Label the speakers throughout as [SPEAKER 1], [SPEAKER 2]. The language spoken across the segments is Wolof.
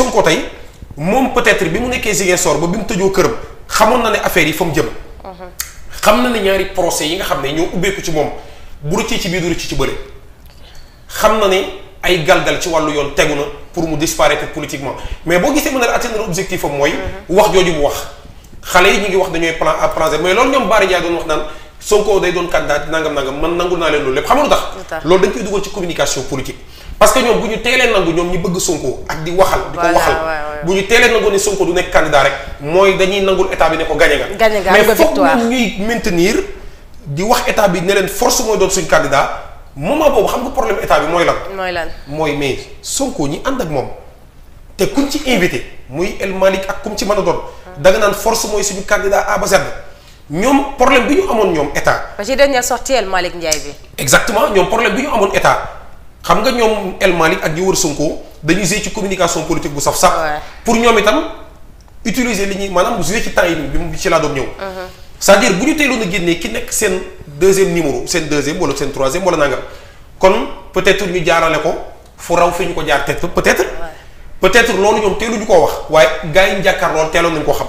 [SPEAKER 1] Sonko tey moom peut-être bi mu nekkee Ziguinchor ba bi mu tëjoo këram xamoon na ne affaire yi fa mu jëm. xam na ne ñaari procès yi nga xam ne ñoo ubbeeku ci moom bu rëccee ci biir du rëcc ci bële. xam na ne ay galgal ci wàllu yoon tegu na pour mu disparaître politiquement mais boo gisee mën a atteindre objectif am mooy. Mhm. wax jooju mu wax. xale yi ñu ngi wax dañooy plan à plan mais loolu ñoom Baara Ndiaye doon wax naan Sonko day doon candidat nangam parce que ñoom bu ñu teelee nangu ñoom ñu bëgg Sonko ak di waxal di ko waxal bu ñu teelee nangu ne Sonko du nekk candidat rek mooy dañuy nangul état bi ne ko gagné nga mais foog ñoom di wax état bi ne force mooy doon suñ candidat moment boobu xam nga problème état bi mooy lan mooy lan mooy mais Sonko ñi ànd ak moom te kuñ ci invité muy El Malick ak kum ci mën a doon ah. da nga naan mooy suñu candidat ba Z ñoom bi amoon ñoom état
[SPEAKER 2] ba ci dernière sortie El Malick
[SPEAKER 1] exactement ñoom problème bi ñu amoon état xam nga ñoom El Malick ak ñu wër Sonko dañuy jouer ci communication politique bu saf sax pour ñoom itam utiliser li ñuy maanaam jouer ci temps yi bi ci laa doon ñëw mhm. cest à bu ñu teeloon a génnee ki nekk seen deuxième numéro seen deuxième wala seen troisième wala nangam kon peut-être ñu jaarale ko fu raw fi ñu ko jaar peut-être peut-être loolu ñoom teelu ñu koo wax waaye gars yi ñu lool teeloon nañu ko xam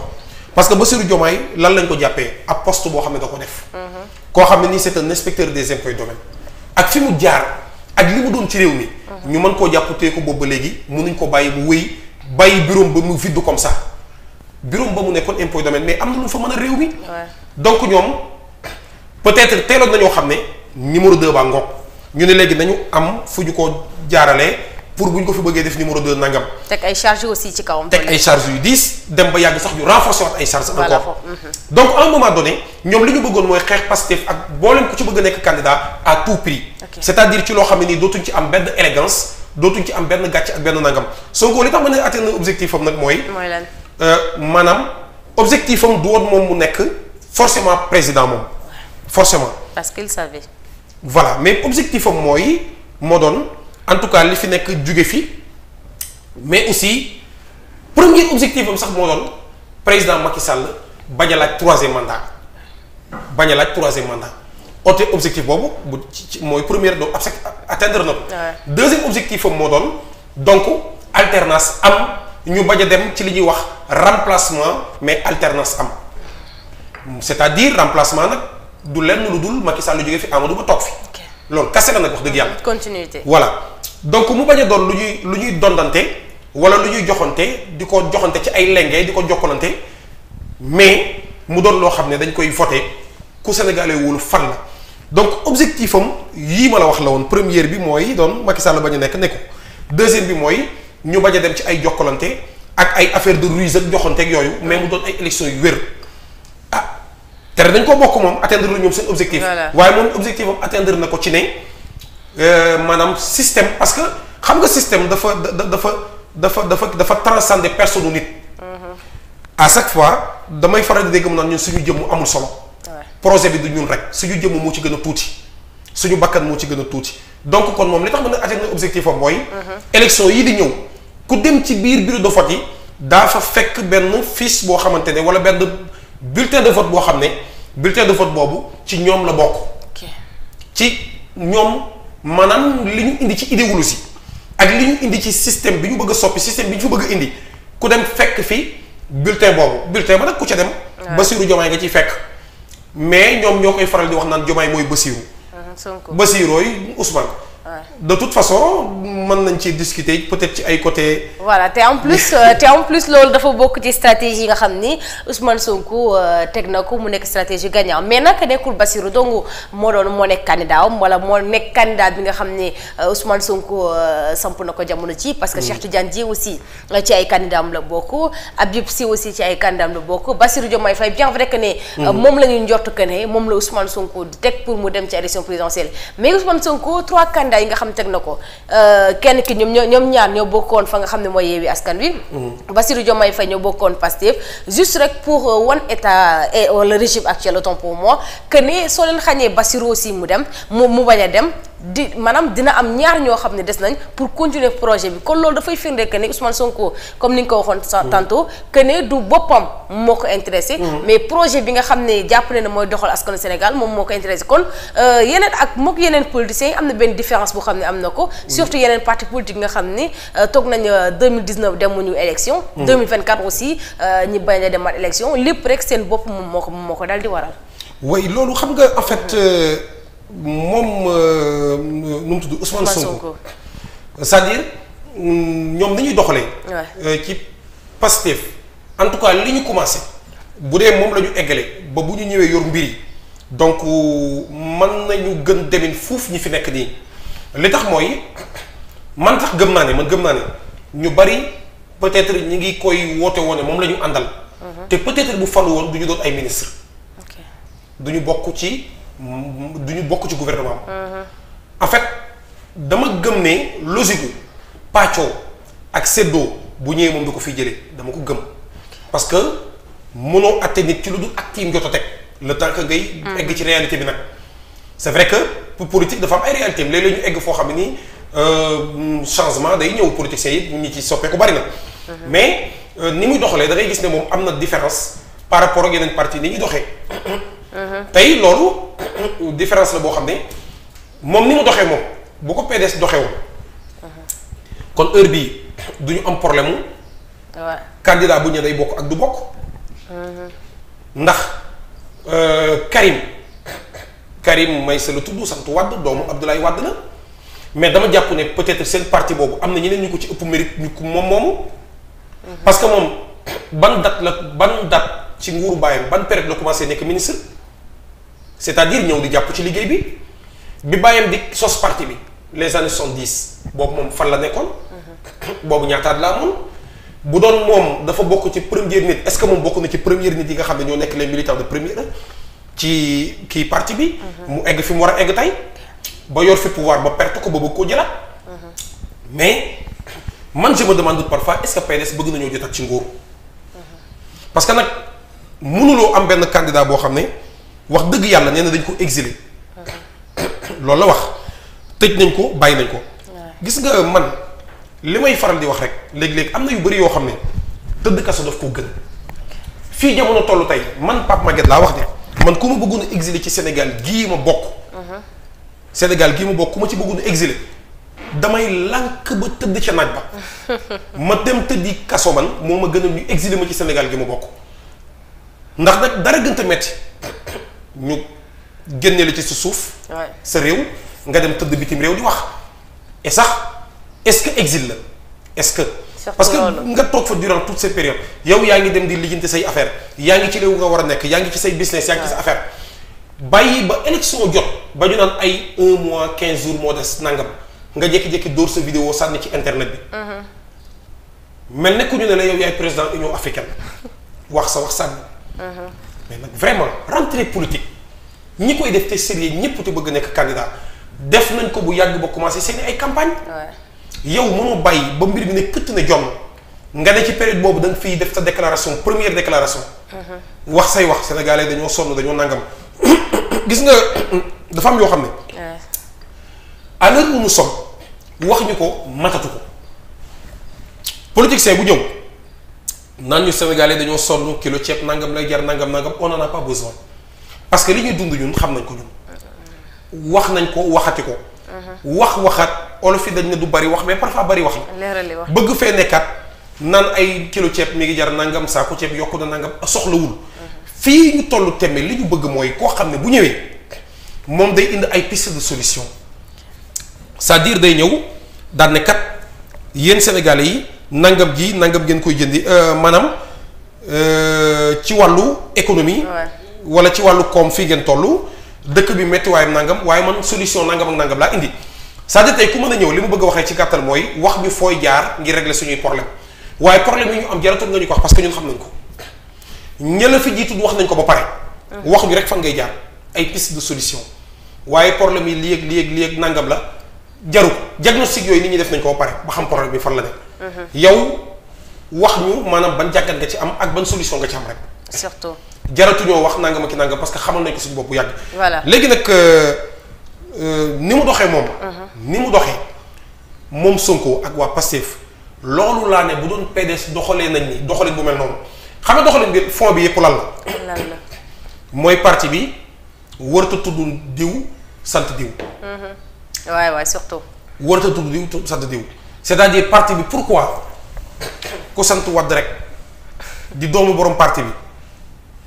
[SPEAKER 1] parce que Bassirou Diomaye lan lañ ko jàppee ab poste boo xam ne da ko def mhm. koo xam ne nii c'est un des impôts domaines ak fi mu jaar li mu doon ci réew mi. ñu mën koo jàpp téye boobu ba léegi mënuñ ko bàyyi mu wéy bàyyi bureau ba mu vide comme ça bureau ba mu nekkoon impôt domaine mais am na lu fa mën a réew mi. donc ñoom peut-être teeloon na ñoo xam ne numéro 2 baa ngoog ñu ne léegi nañu am fu ñu ko jaaralee. pour bu ñu ko fi bëggee def numéro 2 nangam.
[SPEAKER 2] teg ay charges aussi ci kawam. teg
[SPEAKER 1] ay charges yu diis dem ba yàgg sax ñu renforcer waat ay charges. encore mhm. donc à un moment donné ñoom li ñu bëggoon mooy xeex Pastef ak boolem ku ci bëgg a nekk candidat à tout prix. c'est-à-dire ci loo xam ne dootuñ ci am benn élégance dootuñ ci am benn gàcc ak benn nangam Sonko li tax mën a atteindre objectif nag mooy. mooy lan euh, maanaam objectif am du moom mu nekk forcément président moom. forcément.
[SPEAKER 2] parce qu'il savait.
[SPEAKER 1] voilà mais objectif am mooy moo doon. en tout cas li fi nekk jóge fi mais aussi premier objectif am sax moo doon président Macky Sall baña a laaj troisième mandat bañ a laaj troisième mandat ote objectif boobu bu ci mooy première doo absec atteindre na ko. deuxième objectif am moo doon donc alternance am ñu bañ dem ci li ñuy wax remplacement mais alternance am c'est-à-dire remplacement nag du lenn lu dul Macky Sall jóge fi Amadou ma toog fi. loolu kase la nag wax dëgg yàlla.
[SPEAKER 2] continuité voilà.
[SPEAKER 1] donc mu bañ doon lu ñuy lu ñuy dondante wala lu ñuy joxante di ko joxante ci ay lenge di ko jokkalante mais mu doon loo xam ne dañ koy voté ku sénégalais wóolu fan la donc objectif am yii ma la wax la woon première bi mooy doon Macky Sall bañ a nekk nekku deuxième bi mooy ñu bañ a dem ci ay jokkalante ak ay affaire de ruse ak joxante ak yooyu mais mu doon ay élections yu wér ah tere dañ ko bokk moom atteindre lu ñoom seen objectif waaye moom objectif am atteindre na ko ci ne Euh, maanaam système parce que xam nga système dafa dafa dafa dafa dafa transcender personne nit. Mm-hmm. à chaque fois damay faral di dégg mu ñun suñu jëmm amul solo. projet bi du ñun rek suñu jëmm moo ci gën a tuuti suñu bakkan moo ci gën a tuuti donc kon moom li tax mën a atteindre objectif am mooy. Mm-hmm. élection yi di ñëw ku dem ci biir bureau de vote yi daa fa fekk benn fiche boo xamante ne wala benn bulletin de vote boo xam ne bulletin de vote boobu ci ñoom la bokk. ci ñoom. maanaam li ñu indi ci idéologie ak li ñu indi ci système bi ñu bëgg a soppi système bi ñu fa bëgg indi ku dem fekk fi bulletin boobu bulletin ba nag ku ca dem. Bassirou Diomaye nga ciy fekk. mais ñoom ñoo koy faral di wax naan Diomaye mooy Bassirou. Ah, Sonko Bassirooy Ousmane. de toute façon mën nañ ci discuter peut-être ci ay côté.
[SPEAKER 2] voilà te en plus euh, te en plus loolu dafa bokk ci stratégie yi nga xam ni Ousmane Sonko euh, teg na ko mu nekk stratégie gagnant mais nag nekkul Bassirou dong moo doon moo nekk candidat am wala moo nekk candidat bi nga xam ni euh, Ousmane Sonko samp na ko jamono ci parce que mm. Cheikh jan Dièye aussi ci ay candidat la bokk yëpp si aussi ci ay candidat am la bokk Bassirou Diomaye Faye bien vrai que ne. Mm. moom la ñuy njort que ne moom la Ousmane Sonko di mu dem ci élection candidat yi nga xam teg na ko euh, kenn ki ñoom ñoo ñoom ñaar ñoo bokkoon fa nga xam ne mooy yeewi askan wi. Mm-hmm. Bassirou Diomaye Faye ñoo bokkoon Pastef juste rek pour euh, wan état et euh, le régime actuel autant pour moi que ne soo leen xañee basiroo aussi mu dem mu mu bañ a dem. di maanaam dina am ñaar ñoo xam ne des nañ pour continuer projet bi kon loolu dafay firnde que ne Ousmane Sonko comme ni nga ko waxoon. tantôt que ne du boppam moo ko intéressé. mais projet bi nga xam ne jàpp ne mooy doxal askanu Sénégal moom moo ko intéressé kon euh, yeneen ak mook yeneen politiciens yi am na benn différence boo xam ne am na ko. surtout yeneen parti politique nga xam ne euh, toog nañ 2019 euh, demuñu élection. élection lépp rek seen bopp moom moo ko moo ko daal di waral.
[SPEAKER 1] moom euh, nu mu tudd Ousmane Sonko cest à ñoom ni ñuy doxale euh, ci Pastef en tout cas li ñu commencé bu dee moom la ñu eggale ba bu ñu ñëwee yor mbir yi donc na ñu gën demin fuuf ñi fi nekk nii li tax mooy man tax gëm naa ne man gëm naa ne ñu bari peut-être ñi ngi koy woote woone moom la ñu àndal. Mhm. te peut-être bu falu woon du ñu doon ay ministre du ñu bokk ci. moom du ñu bokk ci gouvernement uh-huh. en fait dama gëm ne logique pàccoo ak séddoo bu ñëwee moom du ko fiy jëlee dama ko gëm parce que munoo atte nit ci lu dul acte yi teg le temps que ngay mm-hmm. egg ci réalité bi nag c'est vrai que pour politique dafa am ay réalité am léeg-léeg ñu egg foo xam ne nii euh, changement day ñëw politiciens yi ñi ci soppee ko bari na mm-hmm. mais euh, ni muy doxalee da gis ne moom am na différence par rapport ak yeneen parti ni ñuy doxee Uh-huh. tey loolu différence la boo xam ne moom ni mu doxee moom bu ko PDS doxee woon
[SPEAKER 2] uh-huh.
[SPEAKER 1] kon heure bi du ñu am problème mu. bu ñu day bokk ak du bokk. Uh-huh. ndax euh, Karim Karim may sa la tudd sant Wade doomu Abdoulaye Wade la mais dama jàpp ne peut-être seen parti boobu am na ñeneen ñu ko ci ëpp mérite ñu ko moom moomu. parce que moom ban date la ban date ci nguuru baayam ban période la commencé nekk ministre. c'est-à-dire ñëw di jàpp ci liggéey bi bi bàyyam di sos parti bi les années soixante-dix boobu moom fan la nekkoon. boobu ñaataat laa amoon. bu doon moom dafa bokk ci première nit est-ce que moom bokk na ci première nit yi nga xam ne ñoo nekk les militants de première ci kii parti bi. Mhm. mu egg fi mu war a egg tey. ba yor fi pouvoir ba perte ko ba bëgg koo jëlaat. Mhm. mais man je me demande parfois est-ce que PDS bëgg nañoo jotaat ci nguur. Mhm. parce que nag mënuloo am benn candidat boo xam ne. wax dëgg yàlla nee na dañ ko exilé loolu la wax tëj nañ ko bàyyi nañ ko. gis nga man li may faral di wax rek léeg-léeg am na yu bari yoo xam ne tëdd kaso daf koo gën fii jamono tollu tey man Pape Maguette laa wax de man ku ma bëggoon a ci Sénégal gii ma bokk. Mhm. Sénégal gii ma bokk ku ma ci bëggoon a damay lànk ba tëdd ca naaj ba ma dem tëddi kaso man moom ma gën a ñu exilé ma ci Sénégal gi ma bokk ndax nag dara gën a metti ñu génne la ci si suuf. sa réew nga dem tëdd bitim réew di wax. et sax est-ce que exil la est-ce que. parce que nga toog fa durant toutes ces périodes yow yaa ngi dem di lijjanti say affaire yaa ngi ci réew nga war a nekk yaa ngi ci say business yaa ngi ci sa affaire bàyyi ba jot ba ñu naan ay un mois quinze jours moo des nangam nga jékki-jékki sa vidéo sànni ci internet bi. Mhm. mel nekku ñu ne la yow yaay président Union africaine wax sa wax sànni. Mhm. mais nag vraiment rentrée politique ñi koy def te sérieux ñëpp te bëgg nekk candidat def nañ ko bu yàgg ba commencé seen ay campagne yow mënoo bàyyi ba mbir mi ne këtt na jom na nga ne ci période boobu da nga fiy def sa déclaration première déclaration. Mm-hmm. wax say wax sénégalais dañoo sonn dañoo nangam gis nga dafa am yoo xam ne. à l'heure où nous wax ñu ko matatu ko politique c'est bu ñëw. naan ñu Sénégalais dañoo sonn kilo ceeb nangam lay jar nangam nangam on en a pas besoin parce que li ñuy dund ñun xam nañ ko ñun. wax nañ ko waxati ko. Uh-huh. wax waxaat olof dañ ne du bari wax mais parfois bari wax
[SPEAKER 2] la. bëgg
[SPEAKER 1] fee nekkaat naan ay kilo ceeb mi ngi jar nangam saako ceeb yokku na nangam soxlawul. Uh-huh. fii ñu toll temme li ñu bëgg mooy koo xam ne bu ñëwee moom day indi ay piste de solution cest diir day ñëw daan ne kat yéen sénégalais yi. nangam ji nangam ngeen koy jëndi euh, maanaam euh, ci wàllu économie. wala ci wàllu koom fii ngeen toll. dëkk bi métti waaye nangam waaye man solution nangam ak nangam laa indi c'est-à-dire ku mën a ñëw li mu bëgg a waxee ci gàttal mooy wax bi fooy jaar ngir régler suñuy problème waaye problème yi ñu am jaratul nga ñu ko wax parce que ñun xam nañ ko ña fi jiitu wax nañ ko ba pare. Mm. wax bi rek fan ngay jaar ay piste de solution waaye problème yi lii ak lii ak lii ak nangam la jaru diagnostic yooyu nit ñi def nañ ko ba pare ba xam bi fan la nekk. yow wax ñu maanaam ban jàkkat nga ci am ak ban solution nga ci am rek. surtout jaratuñoo wax nangam ak nangam parce que xamal na ko suñu bopp yàgg. voilà léegi nag euh, euh, ni mu doxee moom. Mhm. ni mu doxee moom Sonko ak waa Pastef loolu laa ne bu doon PDS doxalee nañ ni doxalin bu mel noonu xam nga doxalin bi fond bi yëpp lan la. lan la mooy partie bi warta tudd sant diw. waay waay surtout. warta tudd diw sant diw. Mhm. cest a dire parti bi pourquoi ku sant Wade rek di doomu borom parti bi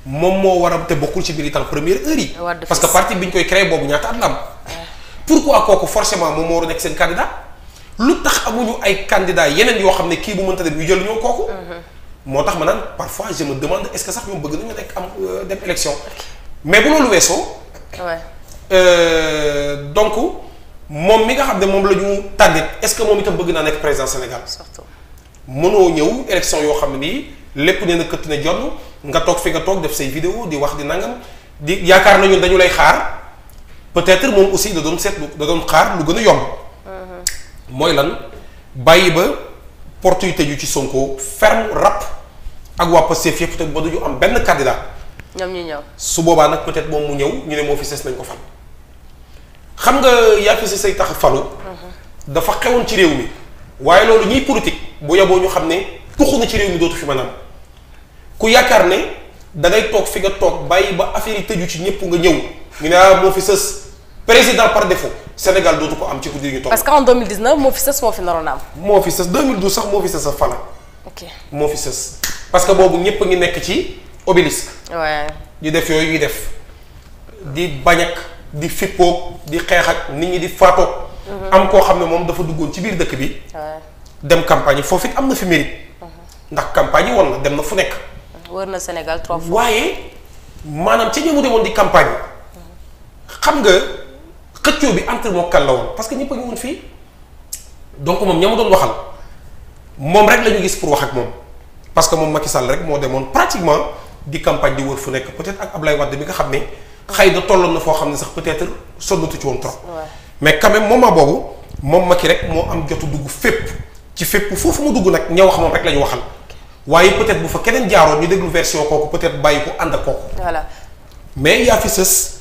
[SPEAKER 1] moom moo war a te bokkul ci militant première heure yi. parce que parti bi ñu koy créé boobu ñaata at la am. pourquoi kooku forcément moom moo war a nekk seen candidat lu tax amuñu ay candidats yeneen yoo xam ne kii bu mënta dem ñu jël ñoo kooku. Mm-hmm. moo tax ma naan parfois je me demande est-ce que sax ñoom bëgg nañu nekk am euh, dem élection mais bu loolu weesoo. Euh, donc. moom mi nga xam ne moom la ñu tàggat est-ce que moom itam bëgg naa nekk président Sénégal. surtout mënoo ñëw élection yoo xam ne nii lépp nee na këtt ne jot nga toog fi nga toog def say video di wax di nangam di yaakaar na ñun dañu lay xaar peut-être moom aussi da doon seetlu da doon xaar lu gën a yomb. Mm-hmm. mooy lan bàyyi ba porte yu tëju ci Sonko ferme rap ak waa Pastef yëpp te am benn candidat. ñoom ñu ñëw. su boobaa nag peut-être moom mu ñëw ñu ne moo fi ses nañ ko fan. xam nga Yàkku si say tax falu dafa xewoon ci réew mi waaye loolu ñiy politique bu yaboo ñu xam ne tuxu na ci réew mi dootu fi maanaam ku yaakaar ne da ngay toog fi nga toog bàyyi ba affaire yi tëju ci ñëpp nga ñëw ñu ne ah moo fi sës président par défaut Sénégal dootu ko am ci guddi gi ñu toog. parce que
[SPEAKER 2] en 2019 moo fi sës moo fi naroon am.
[SPEAKER 1] moo fi sës 2012 sax moo fi sës a fala. moo fi sës parce que boobu ñëpp a ngi nekk ci obélisque. waaye ñu def yooyu def di bañak di fippoog di xeex nit ñi di faatoog mhm. am koo xam ne moom dafa duggoon ci biir dëkk bi dem campagne yi foofu it am na fi mérite mhm. ndax campagne yi woon na dem na fu nekk
[SPEAKER 2] mhm. na Sénégal trop
[SPEAKER 1] waaye maanaam ci ñëmu demoon di campagne xam nga xëccoo bi entre moo kan la woon parce que ñëpp a ngi woon fii donc moom ña ma doon waxal moom rek la ñu gis pour wax ak moom parce que moom Macky Sall rek moo demoon pratiquement di campagne di wër fu nekk peut-être ak Ablaye Wade bi nga xam ne xëy na tolloon na foo xam ne sax peut-être sonnatu ci woon trop. mais quand moom moment boobu moom Macky rek moo am jotu dugg fépp. ci fépp foofu mu dugg nag ñëw wax moom rek la ñu waxal waaye peut-être bu fa keneen jaaroo ñu déglu version kooku peut-être bàyyi ko ànd ak kooku. voilà mais yaa fi sës.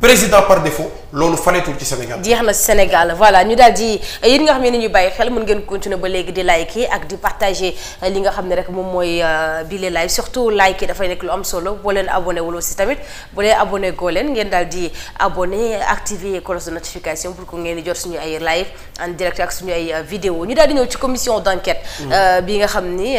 [SPEAKER 1] président par défaut loolu faleetul ci Sénégal.
[SPEAKER 2] jeex na Sénégal voilà ñu daal di yéen nga xam ne ni ñu bàyyi xel mën ngeen continuer ba léegi di like ak di partager euh, li nga xam ne rek moom mooy euh, bile live surtout like yi dafay nekk lu am solo boo leen abonné wul aussi tamit bu leen abonné goo leen ngeen daal di abonné activer cloche de notification pour que ngeen di jot suñu ay live en direct ak suñu ay euh, vidéo ñu daal di ñëw ci commission d'enquête. Mm. bi nga xam ni.